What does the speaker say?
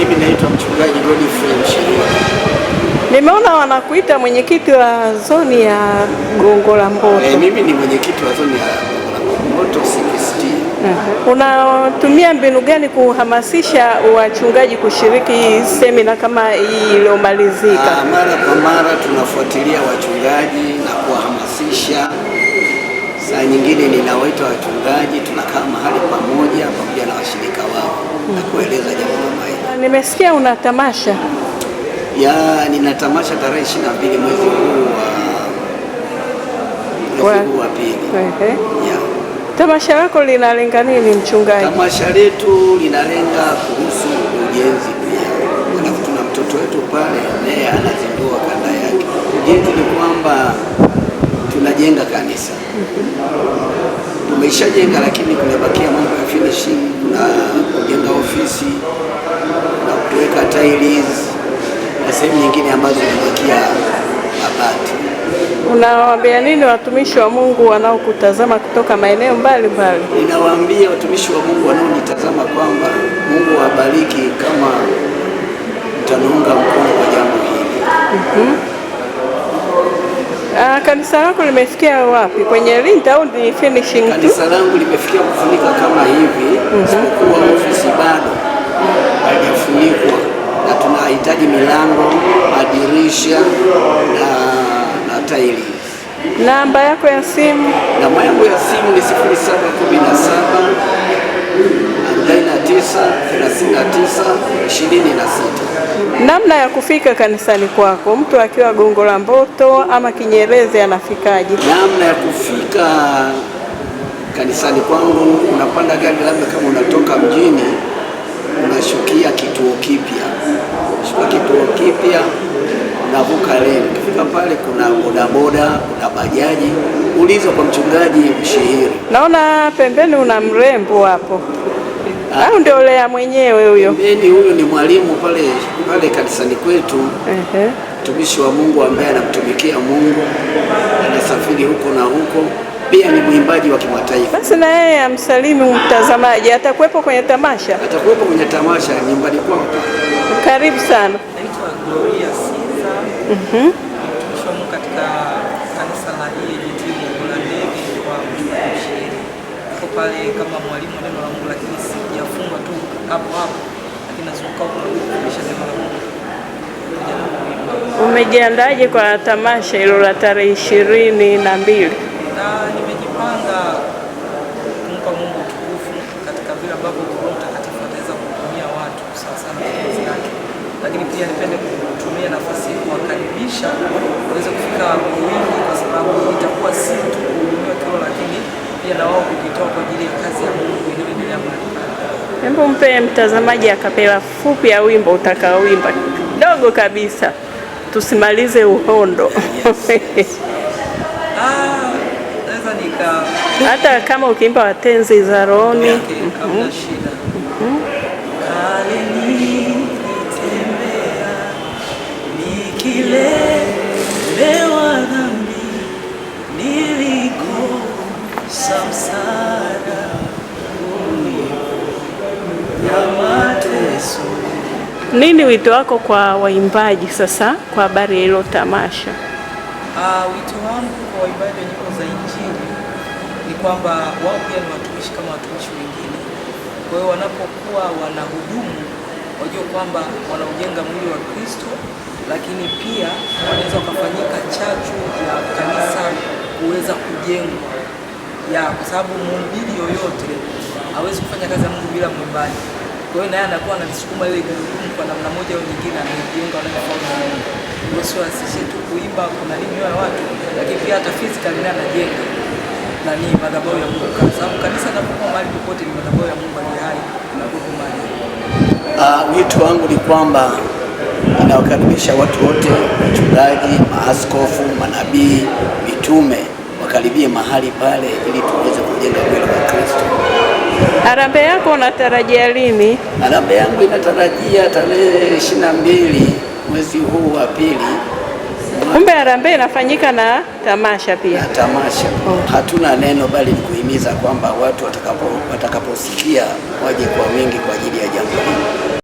Mimi naitwa mchungaji Godfrey Mshilwa. Nimeona wanakuita mwenyekiti wa zoni ya Gongo la Mboto. Eh, mimi ni mwenyekiti wa zoni ya Mboto 60. Uh-huh. Unatumia mbinu gani kuhamasisha wachungaji kushiriki semina kama hii iliyomalizika? Ah, mara kwa mara tunafuatilia wachungaji na kuwahamasisha. Saa nyingine ninawaita wachungaji, tunakaa mahali pamoja pamoja na washirika wao na kueleza nimesikia una tamasha ya, nina tamasha tarehe 22 mwezi huu wa wa pili. Tamasha lako linalenga nini mchungaji? Tamasha letu linalenga kuhusu ujenzi pia. Alafu tuna mtoto wetu pale naye anazindua kanda yake. Ujenzi ni kwamba tunajenga kanisa. Mhm. tumeshajenga Tumeishajenga lakini kumebakia Unawaambia nini watumishi wa Mungu wanaokutazama kutoka maeneo mbalimbali? Ninawaambia watumishi wa Mungu wanaonitazama kwamba Mungu awabariki kama mtaniunga mkono kwa jambo hili. mm -hmm. Ah, kanisa lako limefikia wapi kwenye lint au ni finishing tu? Kanisa langu limefikia kufunika kama hivi. mm -hmm. ofisi bado haijafunikwa na tunahitaji milango, madirisha kupata hili. Namba yako ya simu? Namba yangu ya simu ni 0717493926. Namna ya kufika kanisani kwako, mtu akiwa Gongo la Mboto ama Kinyerezi anafikaje? Namna ya kufika kanisani kwangu, unapanda gari labda kama unatoka mjini, unashukia kituo kipya, shuka kituo kipya unavuka leo. Ukifika pale kuna bodaboda, kuna bajaji, uliza kwa mchungaji Mshihiri. Naona pembeni una mrembo hapo ah. au ndio Lea mwenyewe huyo? Pembeni huyo ni mwalimu pale pale kanisani kwetu, mtumishi uh -huh. wa Mungu ambaye anamtumikia Mungu, anasafiri huko na huko pia ni mwimbaji wa kimataifa. Basi na yeye amsalimu mtazamaji, atakuwepo kwenye tamasha, atakuwepo kwenye tamasha nyumbani kwako. Karibu sana. Naitwa Gloria nishomu katika kanisa la EAGT la ndege kwa mshairi pale kama mwalimu neno la Mungu, lakini tu hapo hapo, lakini nazunguka kufundisha neno la Mungu. Umejiandaje kwa tamasha hilo la tarehe ishirini na mbili? Nimejipanga kumpa Mungu utukufu katika vile ambavyo Roho Mtakatifu ataweza watu sawasawa na kazi yake, lakini pia nipende tutumie nafasi hii kuwakaribisha waweze kufika kwa kwa sababu itakuwa si tu kuhudumiwa kilo, lakini pia na wao kujitoa kwa ajili ya kazi ya Mungu inayoendelea mbalimbali. Hebu mpe mtazamaji akapewa fupi ya wimbo utakaoimba kidogo kabisa, tusimalize uhondo. Yes. ah, hata kama ukiimba watenzi za rohoni. Okay, mm -hmm. nimelewa dhambi nilikosa msaada ya mateso. Nini wito wako kwa waimbaji sasa kwa habari ya hilo tamasha? Uh, wito wangu kwa waimbaji wa nyimbo za Injili ni kwamba wao pia ni watumishi kama watumishi wengine, kwa hiyo wanapokuwa wanahudumu wajue kwamba wanaujenga mwili wa Kristo lakini pia unaweza ukafanyika chachu ya kanisa kuweza kujengwa ya kwa sababu mhubiri yoyote hawezi kufanya kazi ya Mungu bila mwimbaji. Kwa hiyo naye anakuwa analisukuma ile gurudumu kwa namna moja au nyingine, na kwa Sio siwasishe tu kuimba kuna nini ya watu, lakini pia hata physical naye anajenga na ni madhabahu ya Mungu, kwa sababu kanisa linapokuwa mahali popote ni madhabahu ya Mungu aliye hai na kuko mahali. Uh, wito wangu ni kwamba inawakaribisha watu wote, wachungaji, maaskofu, manabii, mitume wakaribie mahali pale ili tuweze kujenga mwili wa Kristo. Harambee yako unatarajia lini? Harambee yangu inatarajia tarehe ishirini na mbili mwezi huu wa pili. Kumbe harambee inafanyika na tamasha pia na tamasha. Oh. Hatuna neno bali kuhimiza kwamba watu watakaposikia watakapo waje kwa wingi kwa ajili ya jambo hili.